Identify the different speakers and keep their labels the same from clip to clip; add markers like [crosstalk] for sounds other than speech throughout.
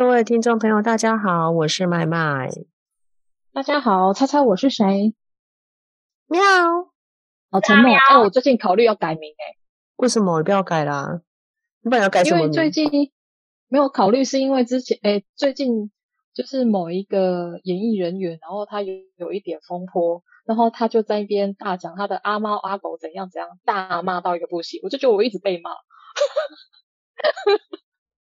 Speaker 1: 各位聽眾朋友，大家好，我是麥麥。
Speaker 2: 大家好，猜猜我是誰？喵，
Speaker 1: 好沉默哎，我
Speaker 2: 最近考慮要改名哎、欸，
Speaker 1: 為什麼不要改啦？
Speaker 2: 你本來要改什麼名？因為最近沒有考慮，是因為之前哎、欸，最近就是某一個演藝人員，然後他有有一點風波，然後他就在一邊大講他的阿貓阿狗怎樣怎樣，大罵到一個不行，我就覺得我一直被罵。 [laughs] [laughs]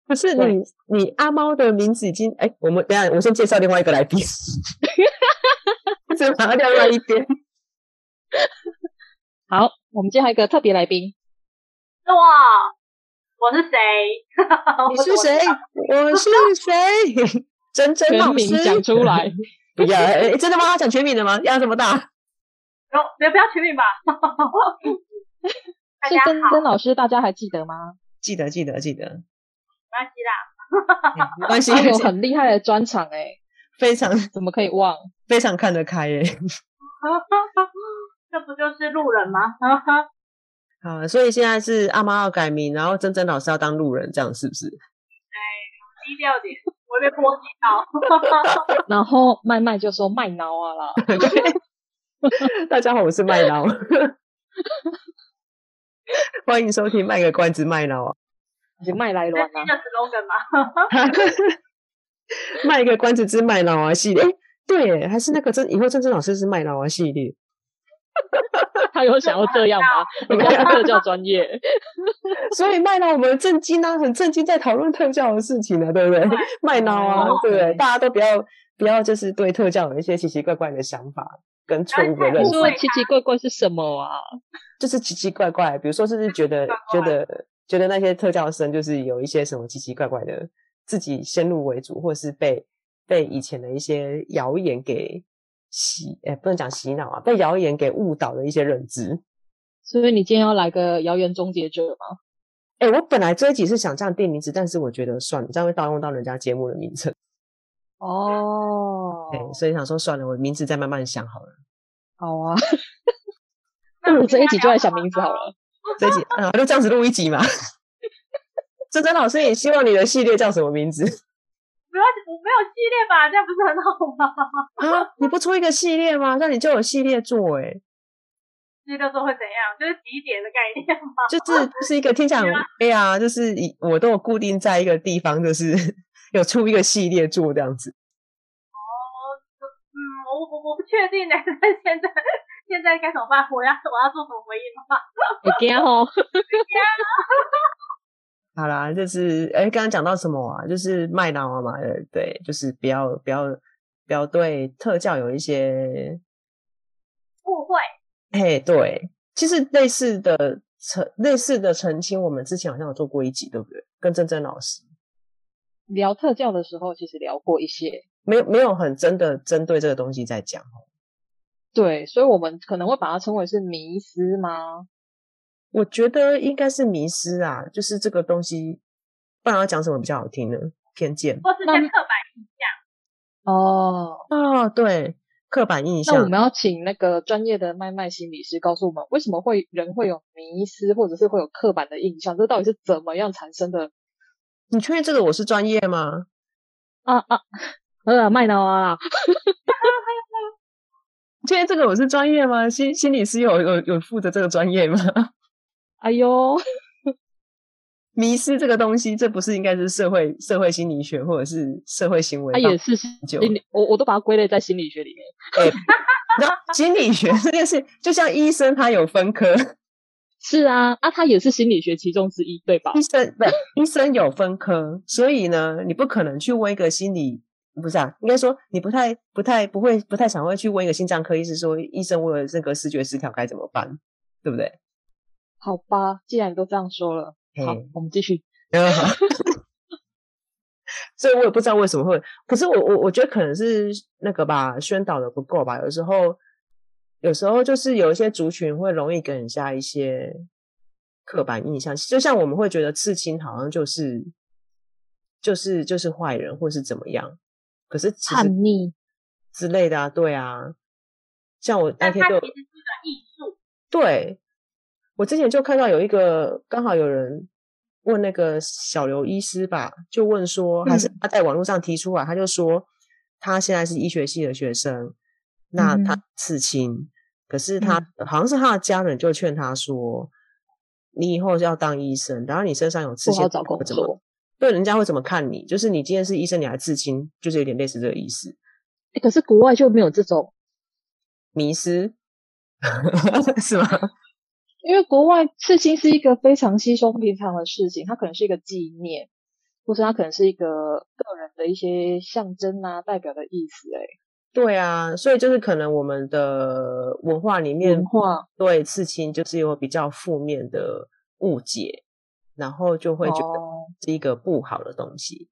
Speaker 1: 可是你，對你阿貓的名字已經哎。我們等一下，我先介紹另外一個來賓。哈哈
Speaker 2: 哈哈哈，只拿掉了一邊。 [laughs] 好，我們介紹一個特別來賓。
Speaker 3: 哇，我是誰？你是誰？
Speaker 2: 我是誰？真真，全名講出來。
Speaker 3: [laughs] 不要，誒真的把
Speaker 2: 他講全名的嗎？要這麼大？有、哦，不要全名吧。哈哈哈，大家好，是曾曾老師，大家還記得嗎？
Speaker 1: [laughs] 記得，記得，記得。
Speaker 2: 沒關係啦， [laughs] 哎、沒關係還有很厲害的專長哎，非常怎麼可以忘？非常看得開哎、欸，這、 [laughs]
Speaker 3: 啊啊啊、不就是路人嗎？
Speaker 1: 哈哈好，所以現在是阿媽要改名，然後曾曾老師要當路人，這樣是不是？哎低
Speaker 3: 調點，我會被波及到。
Speaker 2: [laughs] [laughs] 然後麥麥就說麥鬧啊了， [laughs] [laughs] 大家好，我是麥鬧，
Speaker 1: [laughs] 歡迎收聽賣個關子麥鬧啊
Speaker 2: 經麥來卵
Speaker 3: 嗎？
Speaker 1: 賣一個關子，之麥鬧啊系列。對，還是那個以後，曾曾老師是麥鬧啊系列。
Speaker 3: 他有想要這樣
Speaker 2: 嗎？你們特教專業，所以麥鬧，我們正經啊！很正經，在討
Speaker 1: 論特教的事情呢，對不對？麥鬧啊，對不對？大家都不要不要，就是對特教有一些奇奇怪怪的想法跟錯誤的認識。你說
Speaker 2: 奇奇怪怪是什麼啊？
Speaker 1: 就是奇奇怪怪，比如說，是不是覺得覺得。覺得那些特教生就是有一些什麼奇奇怪怪的，自己先入為主，或是被被以前的一些謠言給洗，哎、欸，不能講洗腦啊，被謠言給誤導的一些認知。
Speaker 2: 所以你今天要來個謠言終結者嗎？哎、
Speaker 1: 欸，我本來這一集是想這樣定名字，但是我覺得算了，這樣會盜用到人家節目的名稱。
Speaker 2: 哦、oh.
Speaker 1: 欸，所以想說算了，我的名字再慢慢想好了。
Speaker 2: 好啊， [laughs] 那我這一集就來想名字好了。這一
Speaker 1: 集啊，就這樣子錄一集嘛。
Speaker 2: 曾曾 [laughs] 老師，也希望
Speaker 1: 你的系列叫什麼名字？
Speaker 3: 不要，我沒有系列吧，這樣不是很好
Speaker 1: 嗎？啊，你不出一個系列嗎？那你就有系列做哎、欸。系列做會怎
Speaker 3: 樣？就是幾點的概念嗎？就是是
Speaker 1: 一個聽起來哎呀， [laughs] 嗎欸、啊，就是我都有固定在一個地方，就是有出一個系列做這樣子。哦，嗯，
Speaker 3: 我我我不確定，但是現在。現在該怎麼
Speaker 1: 辦？我要我要做什麼回應嗎？我驚哦，好啦，就是哎，剛剛講到什麼啊？就是麥鬧啊嘛，對，對，就是不要不要不要對特教有一些誤會。嘿，對，其實類似的澄類似的澄清，我們之前好像有做過一集，對不對？跟曾曾老師
Speaker 2: 聊特教的時候，其實聊過一些，
Speaker 1: 沒有沒有很真的針對這個東西在講。
Speaker 2: 對，所以，我們可能會把它稱為是迷思嗎？我覺得應該是迷思啊，就是這個東西，不然要講什麼比較好聽呢？偏見，那或是叫刻板印象。哦哦，對，刻板印象。那我們要請那個專業的麥麥心理師告訴我們，為什麼會人會有迷思，或者是會有刻板的印象？這到底是怎麼樣產生的？
Speaker 1: 你確認這個我是專業嗎？啊啊，呃、啊，麥鬧啊。 [laughs] 現在這個我是專業嗎？心心理師有有有負責這個專業嗎？哎喲，迷思這個東西，這不是應該是社會社會心理學，或者是社會行為？它、啊、也是十九
Speaker 2: 就，我我都把它歸類在心理學裡面。
Speaker 1: 呃那、哎、 [laughs] 心理學這件事，就像醫生他有分科，
Speaker 2: [laughs] 是啊，啊，他也是心理學其中之一，對
Speaker 1: 吧？醫生不，醫生有分科， [laughs] 所以呢，你不可能去問一個心理。不是啊，應該說你不太、不太、不會、不太常會去問一個心臟科醫師說：“醫生，我有這個思覺失調該怎麼辦？”對不對？
Speaker 2: 好吧，既然都這樣說了
Speaker 1: ，Okay. 好，我們繼續。好。 [laughs] [laughs] 所以我也不知道為什麼會，可是我我我覺得可能是那個吧，宣導的不夠吧。有時候，有時候就是有一些族群會容易給人家一些刻板印象，就像我們會覺得刺青好像就是就是就是壞人，或是怎麼樣。可是叛逆之類的，啊，對啊，像我那天就，對我之前就看到有一個剛好有人問那個小劉醫師吧，就問說，還是他在網絡上提出啊，嗯、他就說他現在是醫學系的學生，那他刺青，嗯、可是他好像是他的家人就勸他說，嗯、你以後要當醫生，然後你身上有刺青，不好找對，人家會怎麼看你？就是你今天是醫生，你還刺青，就是有點類似這個意思。
Speaker 2: 誒，可是國外就沒有這
Speaker 3: 種
Speaker 1: 迷思思， [laughs] 是嗎？
Speaker 2: 因為國外刺青是一個非常稀鬆平常的事情，它可能是一個紀念，或是它可能是一個個人的一些象徵啊，代表的意思，欸。對
Speaker 1: 啊，所以就是可能我們的文化裡面，化對刺青就是有比較負面的誤解。然後就會覺得是一個不好的東西，哦、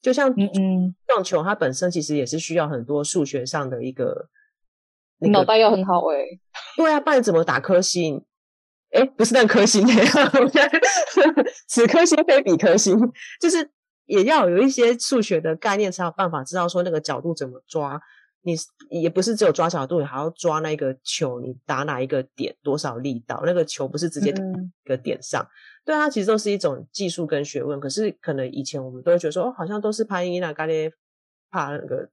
Speaker 1: 就像嗯撞、嗯、球，它本身其實也是需要很多數學上的一個
Speaker 3: 你腦袋要很好哎、
Speaker 1: 欸，對啊，不然怎麼打顆星？哎，不是那顆星的，此顆星非彼顆星，就是也要有一些數學的概念，才有辦法知道說那個角度怎麼抓你。你也不是只有抓角度，你還要抓那個球，你打哪一個點，多少力道？那個球不是直接打一個點上。嗯對啊，它其實都是一種技術跟學問，可是可能以前我們都會覺得說，哦，好像都是拍伊娜咖喱拍那個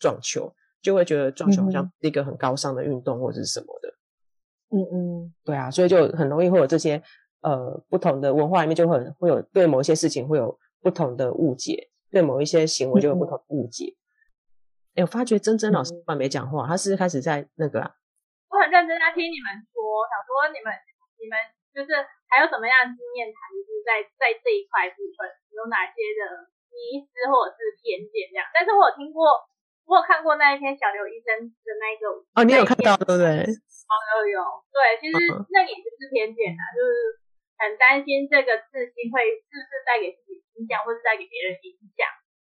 Speaker 1: 撞球，就會覺得撞球好像是一個很高尚的運動或者是什麼的。嗯嗯，對啊，所以就很容易會有這些呃不同的文化裡面就很會有對某一些事情會有不同的誤解，對某一些行為就有不同的誤解。哎、嗯嗯，我發覺曾曾老師突然沒講話，他是開始在那個、啊？我很認真在聽你們
Speaker 3: 說，想說你們你們。就是還有什麼樣的經驗談，就是在在這一塊部分有哪些的迷思或者是偏見這樣？但是我有聽過，我有看過那一篇小劉醫生的那一個哦，你有看到對不對？有有有，對，其實那個也就是偏見啦，uh huh. 就是很擔心這個事情會是不是帶給自己影響，或是帶給別人影響。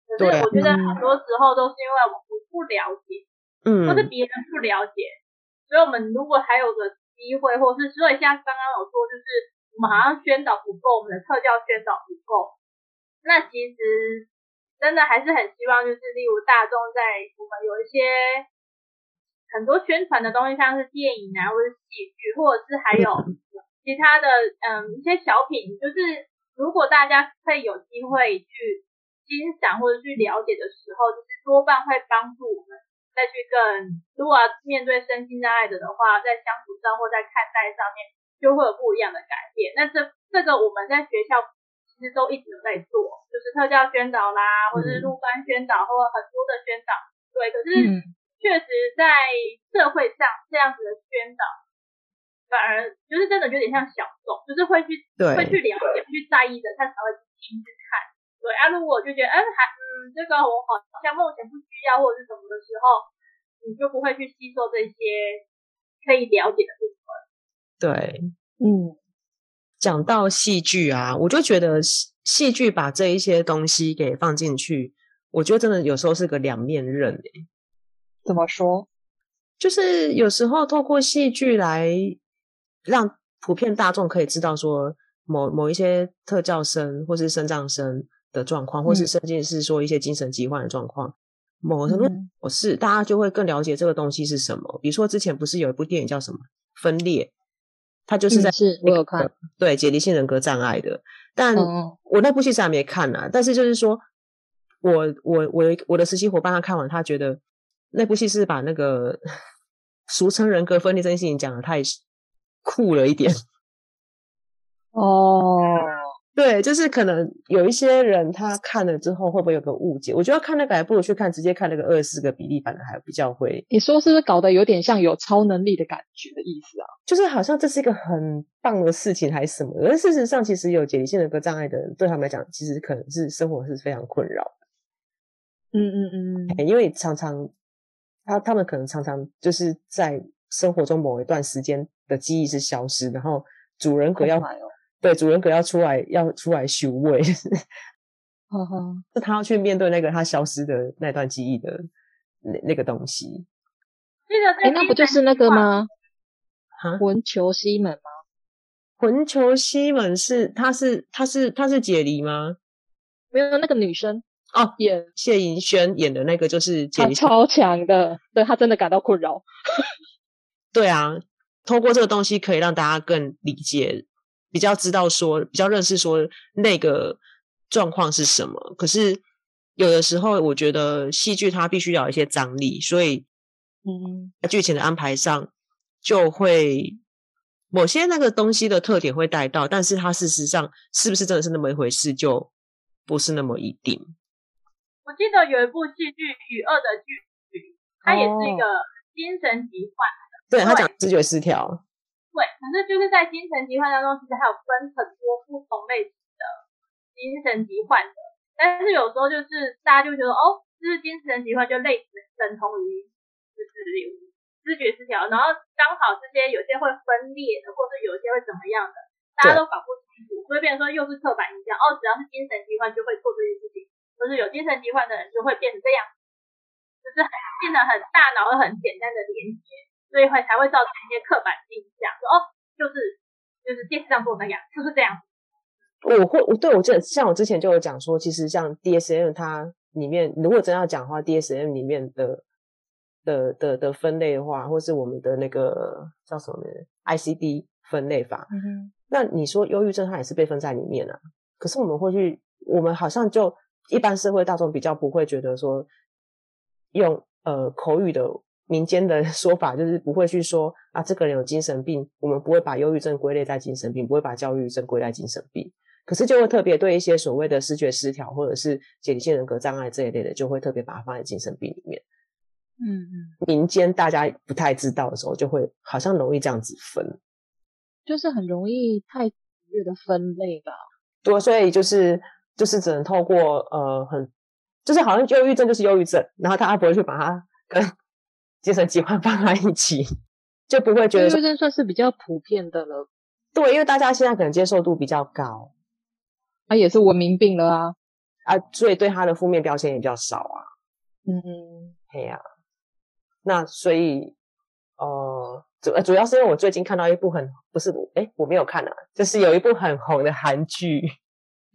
Speaker 3: 可是我覺得很多時候都是因為我們不，不了解，嗯。
Speaker 2: 或是別
Speaker 3: 人不了解，所以我們如果還有個。機會，或是所以像剛剛有說，就是我們好像宣導不夠，我們的特教宣導不夠。那其實真的還是很希望，就是例如大眾在我們有一些很多宣傳的東西，像是電影啊，或者戲劇，或者是還有其他的，嗯，一些小品，就是如果大家可以有機會去欣賞或者去了解的時候，就是多半會幫助我們。再去跟如果面對身心障礙者的話，在相處上或在看待上面，就會有不一樣的改變。那這這個我們在學校其實都一直有在做，就是特教宣導啦，或者是入班宣導，嗯、或者很多的宣導。對，可是確實在社會上這樣子的宣導，嗯、反而就是真的有點像小眾，就是會去對會去了解，對去在意的，他才會真的。
Speaker 1: 對啊，如果我就覺得，嗯，還，嗯，這個我好像目前不需要或者是什麼的時候，你就不會去吸收這些可以了解的部分。對，嗯，講到戲劇啊，我就覺得戲劇把這一些東西給放進去，我覺得真的有時候是個兩面刃。怎麼說？就是有時候透過戲劇來讓普遍大眾可以知道說某，某某一些特教生或是身障生。的狀況，或是甚至是說一些精神疾患的狀況，嗯、某種程度是大家就會更了解這個東西是什麼。比如說，之前不是有一部電影叫什麼《分裂》，它就是在是我有看，對解離性人格障礙的。但我那部戲還沒看呢、啊，哦、但是就是說，我我我的我的實習夥伴他看完，他覺得那部戲是把那個俗稱人格分裂這件事情講得太酷了一點。哦。對，就是可能有一些人他看了之後會不會有個誤解？我覺得看那個還不如去看直接看那個二十四個比例版的還比較會。你
Speaker 2: 說是不是搞得有點像有超能力的感覺的意思啊？就是好像這是一個很棒
Speaker 1: 的事情還是什麼？而事實上，其實有解離性的一個障礙的人對他們來講，其實可能是生活是非常困擾的。嗯嗯嗯、欸，因為常常他他們可能常常就是在生活中某一段時間的記憶是消失，然後主人格要。可對，主人格要出來，要出來修位哈，是他要去面對那個他消失的那段記憶的那那個東西。那
Speaker 3: 個哎，那不就是那個嗎？
Speaker 2: 蛤魂囚西門嗎？魂囚西門是他是他是他是解離嗎？
Speaker 3: 沒有，那
Speaker 1: 個女生哦，演、啊、Yeah. 謝盈萱演的那個就是解離，超
Speaker 2: 強的，對他真的感到困擾。
Speaker 1: [laughs] 對啊，透過這個東西可以讓大家更理解。比較知道說，比較認識說那個狀況是什麼。可是有的時候，我覺得戲劇它必須要有一些張力，所以嗯，劇情的安排上就會某些那個東西的特點會帶到，但是它事實上是不是真的是那麼一回事，就不是那麼一定。
Speaker 3: 我記得有一部戲劇《與惡的距離》、哦、它也是一個精神疾患
Speaker 1: 的，對，對他講思覺失調。
Speaker 3: 對，反正就是在精神疾患當中，其實還有分很多不同類型的精神疾患的。但是有時候就是大家就覺得，哦，這是精神疾患就類似等同於就是有思覺失調，然後剛好這些有些會分裂的，或是有些會怎麼樣的，大家都搞不清楚，對所以變成說又是刻板印象，哦，只要是精神疾患就會做這些事情，可、就是有精神疾患的人就會變成這樣，就是變得很大腦很簡單的連接。
Speaker 1: 所以會才會造成一些刻板印象，說哦，就是就是電視上說的兩就是這樣子。我會，我對我這，像我之前就有講說，其實像 DSM 它裡面，如果真要講的話，DSM 裡面的的的的,的分類的話，或是我們的那個叫什麼呢 ICD 分類法，嗯、哼那你說憂鬱症它也是被分在裡面啊。可是我們會去，我們好像就一般社會大眾比較不會覺得說用呃口語的。民間的說法就是不會去說啊，這個人有精神病，我們不會把憂鬱症歸類在精神病，不會把焦慮症歸類在精神病。可是就會特別對一些所謂的思覺失調或者是解離性人格障礙這一類的，就會特別把它放在精神病裡面。嗯
Speaker 3: 嗯，
Speaker 1: 民間大家不太知道的時候，就會好像容易這樣子分，
Speaker 2: 就是很容易
Speaker 3: 太絕對的分類吧。
Speaker 1: 對，所以就是就是只能透過呃，很就是好像憂鬱症就是憂鬱症，然後他不會去把它跟。精神疾患放在一起，就不會覺得這
Speaker 2: 算是比較普遍的了。對，因為大家現在可能接受度比較高，啊，也是文明病了啊，啊，
Speaker 1: 所以對他的負面標籤也比較少啊。
Speaker 3: 嗯，
Speaker 1: 對呀、啊。那所以，哦、呃，主主要是因為我最近看到一部很不是，哎、欸，我沒有看啊，就是有一部很紅的韓劇，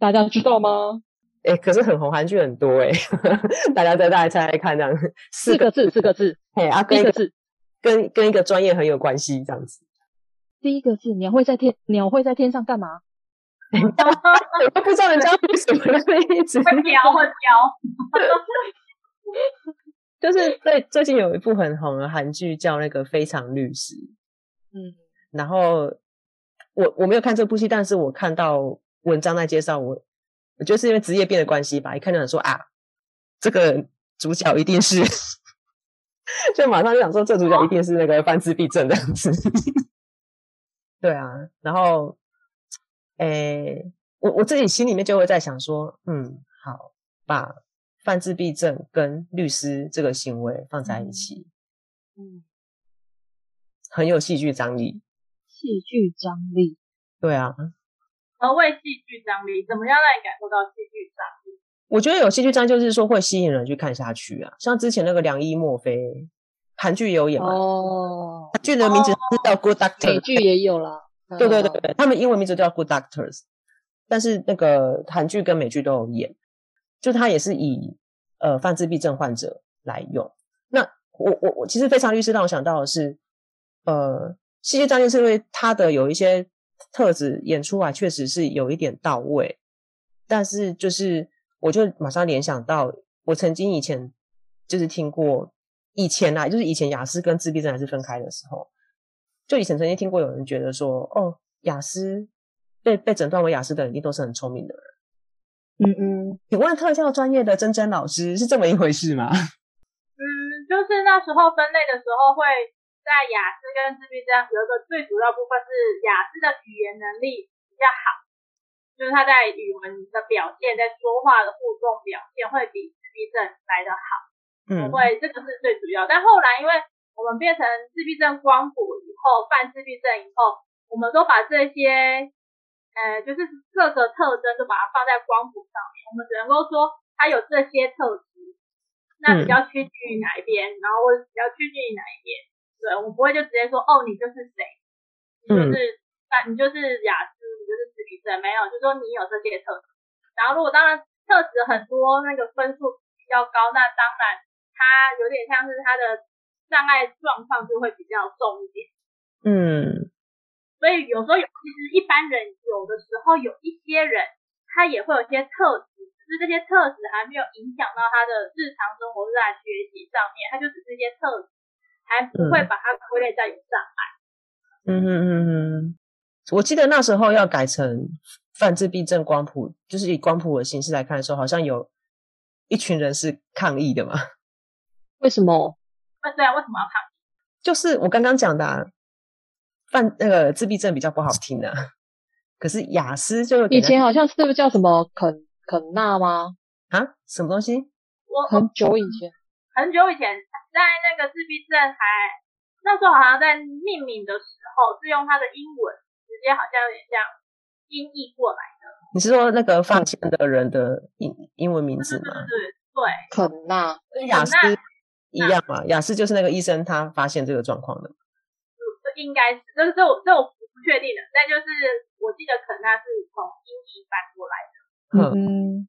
Speaker 2: 大家知道嗎？
Speaker 1: 哎、欸，可是很紅韓劇很多哎、欸，大家在大家猜猜看，這樣子，四個字，四個字，嘿、欸、啊，第一個字跟跟一個專業很有關係，這樣子。
Speaker 2: 第一個字，鳥會在天，鳥會在天上幹嘛？我都不知道人家為什麼會一
Speaker 3: 直鳥或雕。
Speaker 2: [laughs] 就是在最近有一部很紅
Speaker 1: 的韓劇叫那個《非常律師》，嗯，然後我我沒有看這部戲，但是我看到文章在介紹我。就是因為職業病的關係吧，一看就講說啊，這個主角一定是， [laughs] 就馬上就想說這主角一定是那個泛自閉症的樣子。
Speaker 3: [laughs] 對啊，然後，
Speaker 1: 誒、欸，我我自己心裡面就會在想說，嗯，好，把泛自閉症跟律師這個行為放在一起，嗯，
Speaker 3: 很有戲劇張力。戲劇張力。對啊。而為戲劇張力，怎麼樣讓你感受到戲劇張力？我
Speaker 1: 覺得有戲劇張力就是說會吸引人去看下去啊。像之前那個《良醫墨非》，韓劇也有演哦。韓劇的名字是叫《Good Doctor》哦，美劇也有了。對對對，嗯、他們英文名字叫《Good Doctors》，但是那個韓劇跟美劇都有演，就他也是以呃，泛自閉症患者來用。那我我我，其實《非常律師》讓我想到的是，呃，戲劇張力是因為他的有一些。特質演出來確實是有一點到位，但是就是我就馬上聯想到，我曾經以前就是聽過，以前啊，就是以前亞斯跟自閉症還是分開的時候，就以前曾經聽過有人覺得說，哦，亞斯被被診斷為亞斯的人，一定都是很聰明的人。嗯嗯，請、嗯、問特教專業的曾曾老師是這麼一回事嗎？嗯，
Speaker 3: 就是那時候分類的時候會。在亞斯跟自閉症有一個最主要部分，是亞斯的語言能力比較好，就是他在語文的表現，在說話的互動表現會比自閉症來得好。嗯，會這個是最主要。但後來因為我們變成自閉症光譜以後，泛自閉症以後，我們都把這些呃，就是各個特徵，都把它放在光譜上面。我們只能夠說它有這些特質，那比較趨近於哪一邊，嗯、然後會比較趨近於哪一邊。對我不會就直接說哦，你就是誰，你就是、嗯啊，你就是亞斯，你就是自閉症，沒有，就說你有這些特質。然後如果當然特質很多，那個分數比較高，那當然他有點像是他的障礙狀況就會比較重一點。嗯，所以有時候有其實一般人有的時候有一些人他也會有一些特質，只是這些特質還沒有影響到他的日常生活在學習上面，他就只是一些特質。還不會把它歸類在
Speaker 1: 有上買嗯。嗯嗯嗯嗯，我記得那時候要改成泛自閉症光譜，就是以光譜的形式來看的時候，好像有一群人是抗議的嘛？為什麼？犯、
Speaker 3: 啊、對啊，為什麼要抗
Speaker 1: 議？就是我剛剛講的泛那個自閉症比較不好聽的、啊，
Speaker 2: 可是亞斯就以前好像是叫什麼肯肯納嗎？啊，什麼東西？
Speaker 3: 我，我很久以前，很久以前。在那
Speaker 1: 個自閉症還那時候好像在命名的時候是用它的英文，直接好
Speaker 3: 像有點像音譯過來
Speaker 1: 的。你是說那個發現的人的英英文名字嗎？嗯、對，肯納納跟亞斯一樣嘛，納亞斯就是那個醫生他發現這個狀況的。應該
Speaker 3: 是，應該是，但是我，但我不確定的。但就是，我記得
Speaker 1: 肯納是從音譯搬過來的。嗯，嗯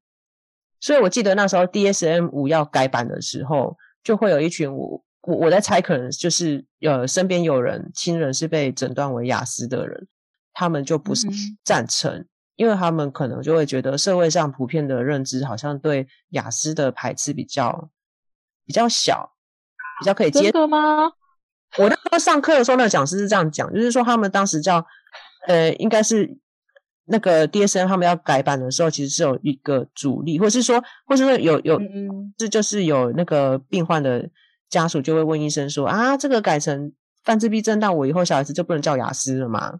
Speaker 1: 所以我記得那時候 DSM 五要改版的時候。就會有一群我我我在猜，可能就是呃，身邊有人親人是被診斷為亞斯的人，他們就不是贊成，嗯嗯因為他們可能就會覺得社會上普遍的認知好像對亞斯的排斥比較比較小，比較可以接受嗎？我那時候上課的時候，那個講師是這樣講，就是說他們當時叫呃，應該是。那個 DSM 他們要改版的時候，其實是有一個阻力，或是說，或是說有有、嗯、是就是有那個病患的家屬就會問醫生說：啊，這個改成泛自閉症，那我以後小孩子就不能叫亞斯了嗎？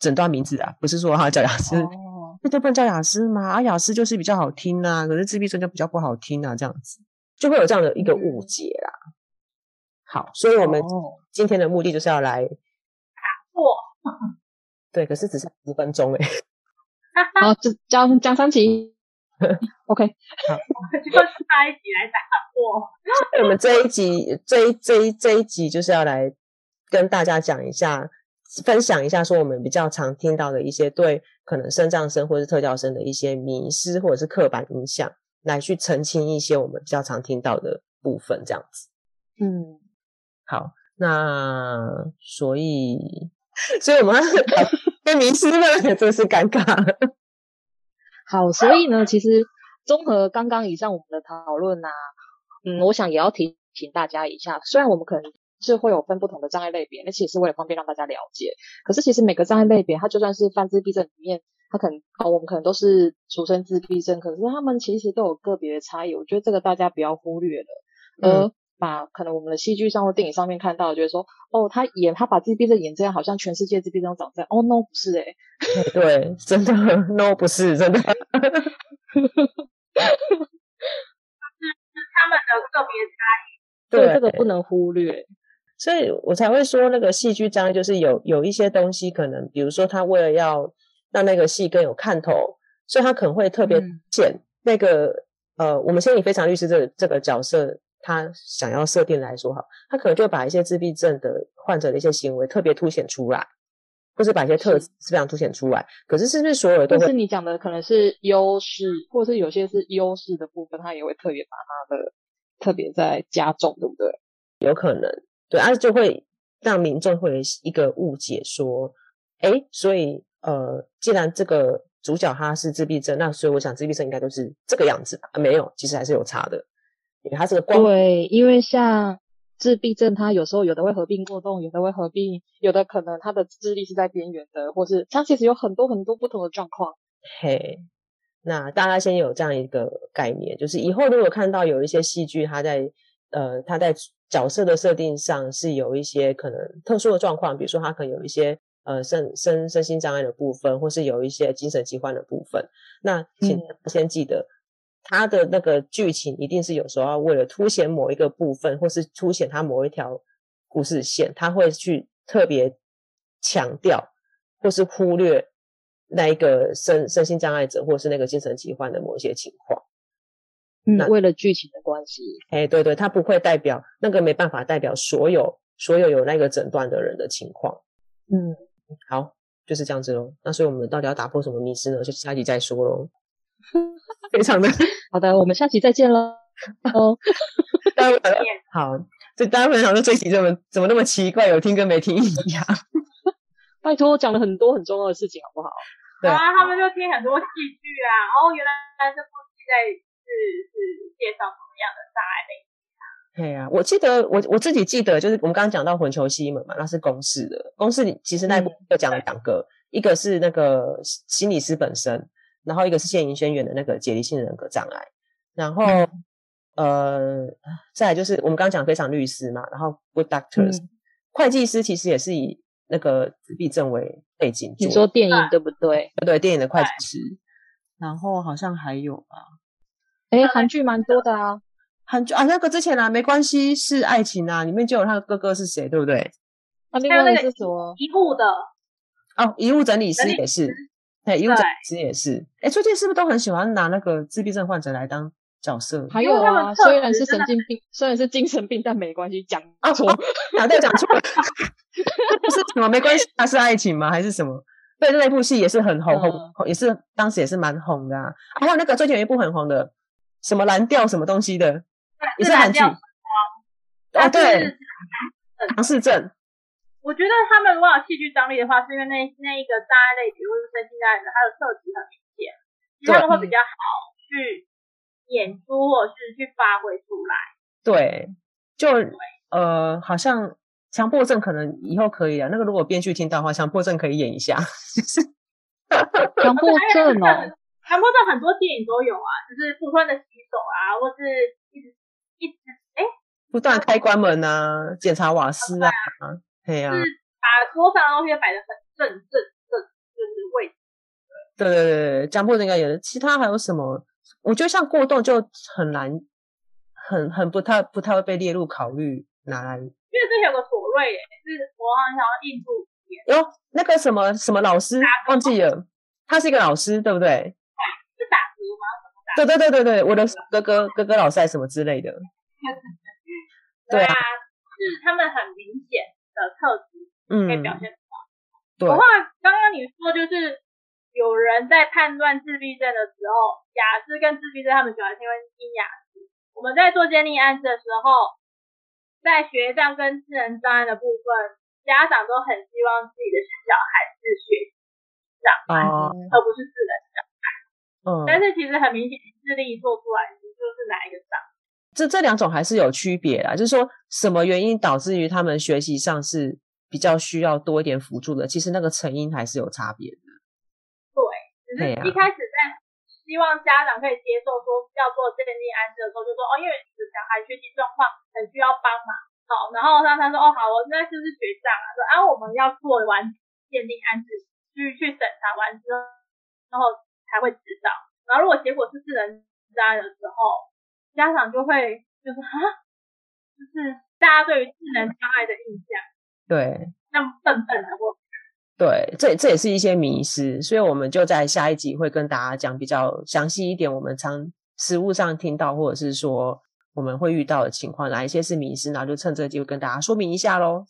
Speaker 1: 診斷名字啊，不是說他叫亞斯，哦、那就不能叫亞斯嘛？嗎、啊？亞斯就是比較好聽啊，可是自閉症就比較不好聽啊，這樣子就會有這樣的一個誤解啦。嗯、好，所以我們今天的目的就是要來，打破、哦、對，可是只剩十分鐘哎、欸。
Speaker 2: [laughs] 好，這就講三集 OK 我
Speaker 1: 們，
Speaker 3: 這一集
Speaker 1: 我們這一集，這一這一這一集就是要來跟大家講一下，分享一下，說我們比較常聽到的一些對可能身障生或是特教生的一些迷思或者是刻板印象，來去澄清一些我們比較常聽到的部分，這樣子。嗯，好，那所以，所以我們。 [laughs] 被
Speaker 2: 迷失了，真是尷尬。好，所以呢，其實綜合剛剛以上我們的討論啊，嗯，我想也要提醒大家一下，雖然我們可能是會有分不同的障礙類別，那其實是為了方便讓大家了解，可是其實每個障礙類別，它就算是泛自閉症裡面，它可能哦，我們可能都是出生自閉症，可是他們其實都有個別的差異，我覺得這個大家不要忽略了。嗯。把可能我們的戲劇上或電影上面看到，覺得說哦，他演他把自己逼着演，這樣好像全世界自閉症都長這樣。哦，no，不是哎，對，真的，no，不是真的，就
Speaker 3: 是
Speaker 2: 是這個不能忽略，
Speaker 1: 所以我才會說那個戲劇章就是有有一些東西可能，比如說他為了要讓那個戲更有看頭，所以他可能會特別剪那個呃，我們先以非常律師這這個角色。他想要設定來說，好，他可能就把一些自閉症的患者的一些行為特別凸顯出來，或是把一些特質非常凸顯出來。是可是是不是所有的都？但是你
Speaker 2: 講的可能是優勢，或是有些是優勢的部
Speaker 3: 分，他也會特別把他的
Speaker 2: 特別在加重，對不對？
Speaker 1: 有可能，對，而、啊、就會讓民眾會有一個誤解，說，哎、欸，所以呃，既然這個主角他是自閉症，那所以我想自閉症應該都是這個樣子吧、啊？沒有，其實還是有差的。因為它是個怪。對，
Speaker 2: 因為像自閉症，它有時候有的會合併過動，有的會合併，有的可能他的智力是在邊緣的，或是它其實有很多很多不同的狀況。
Speaker 1: 嘿，那大家先有這樣一個概念，就是以後如果看到有一些戲劇，它在呃，它在角色的設定上是有一些可能特殊的狀況，比如說它可能有一些呃身身身心障礙的部分，或是有一些精神疾患的部分，那請先，嗯，先記得。他的那個劇情一定是有時候要為了凸顯某一個部分，或是凸顯他某一條故事線，他會去特別強調，或是忽略那一個身身心障礙者，或是那個精神疾患的某一些情況。
Speaker 2: 嗯、那為了劇情的關係，
Speaker 1: 誒、欸、對對，他不會代表那個沒辦法代表所有所有有那個診斷的人的情況。嗯，好，就是這樣子嘍。那所以我們到底要打破什麼迷思呢？就下集再說嘍。 [laughs] 非常的
Speaker 2: 好的，的我們下期再見嘍。哦， [laughs]
Speaker 1: 大家好，這大家分享的這一集怎麼
Speaker 2: 怎麼那麼奇怪，有聽跟沒聽一樣？ [laughs] [laughs] 拜托，我講了很多很重要的事情，好不好？對
Speaker 3: 啊，他們就聽很多戲劇啊。好哦，原來這部戲在是是，是介
Speaker 1: 紹什麼樣的障礙類型啊？對啊，我記得我我自己記得，就是我們剛剛講到魂囚西門嘛，那是公視的。公視裡其實那一部就講兩個，對一個是那個心理師本身。然後一個是現影宣遠的那個解離性人格障礙，然後、嗯、呃，再來就是我們剛剛講非常律師嘛，然後 Good Doctors、嗯、會計師其實也是以那個自閉症為背景做。你說電影對,對不對？對，電影的會計師。對對然後好像還有啊，哎對，韓劇蠻多的啊，韓劇啊那個之前啊沒關係，是愛情啊，裡面就有他的哥哥是誰，對不對？
Speaker 3: 啊、那個是什麼遺物的，
Speaker 1: 哦、啊，遺物整理師也是。誒因為其實也是，誒最近是不是都很喜歡拿那個自閉症患者來當角色？還有啊，雖然是神
Speaker 2: 經病，雖然是精神病，但沒關係，講
Speaker 1: 啊，打掉，講錯了，不是什麼沒關係啊，是愛情嗎？還是什麼？對，那部戲也是很紅紅，也是當時也是蠻紅的啊。還有那個最近有一部很紅的，什麼藍調什麼東西的，
Speaker 3: 也是韓劇。啊對，
Speaker 2: 唐氏症。
Speaker 3: 我覺得他們如果有戲劇張力的話，是因為那那一個大類，比如說身心障礙的，他的設計很明顯，其實他們會比較好
Speaker 1: 去演出，或者是去發揮出來。對，就對呃，好像強迫症可能以後可以啊。那個如果編劇聽到的話，強迫症可以演一下。
Speaker 3: [laughs] 強迫症哦，強迫症很多電影都有啊，就是不斷的洗手啊，或是一直一
Speaker 1: 直誒不斷開關門啊，檢查瓦斯啊。是把
Speaker 3: 桌上東西擺
Speaker 1: 的很正正正，就是位置。對對對對，強迫症應該有其他還有什麼？我覺得像過動就很難，很很不太不太會被列入考慮拿來。因為之前有個妥瑞，
Speaker 3: 是我很想要印度
Speaker 1: 片。喲、哦，那個什麼什麼老師歌忘記了，他是一個老師，對不對？
Speaker 3: 啊、是打嗝嗎？對對對對我的
Speaker 1: 哥哥哥哥老師什麼之類的。
Speaker 3: [laughs] 對啊，對啊，是他們很明顯的特質，嗯，可以表現出來。嗯、對，剛剛你說就是有人在判斷自閉症的時候，亞斯跟自閉症他們喜歡聽分亞斯。我們在做鑑定案子的時候，在學障跟智能障礙的部分，家長都很希望自己的小孩是學障案，uh, 而不是智能障。嗯，uh, 但是其實很明顯，智力做出來，就是哪一個障礙。
Speaker 1: 這這兩種還是有區別的，就是說什麼原因導致於他們學習上是比較需要多一點輔助的，其實那個成因還是有差別的。對，就
Speaker 3: 是一開始在希望家長可以接受說要做鑑定安置的時候，就說哦，因為小孩學習狀況很需要幫忙，好、哦，然後他他說哦，好，我現在是不是學障啊，說啊，我們要做完鑑定安置，去去審查完之後，然後才會知道。然後如果結果是智能障礙的時候。家長就
Speaker 1: 會就是哈就是
Speaker 3: 大家對於智能障礙的印象，對，像
Speaker 1: 笨笨的我，對，這這也是一些迷思，所以我們就在下一集會跟大家講比較詳細一點，我們常實務上聽到或者是說我們會遇到的情況，哪一些是迷思，然後就趁這個機會跟大家說明一下嘍。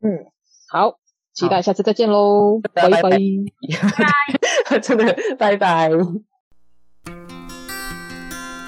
Speaker 2: 嗯，好，期待下次再見嘍，好拜拜，拜拜，拜
Speaker 1: 拜， [laughs] 真的拜拜。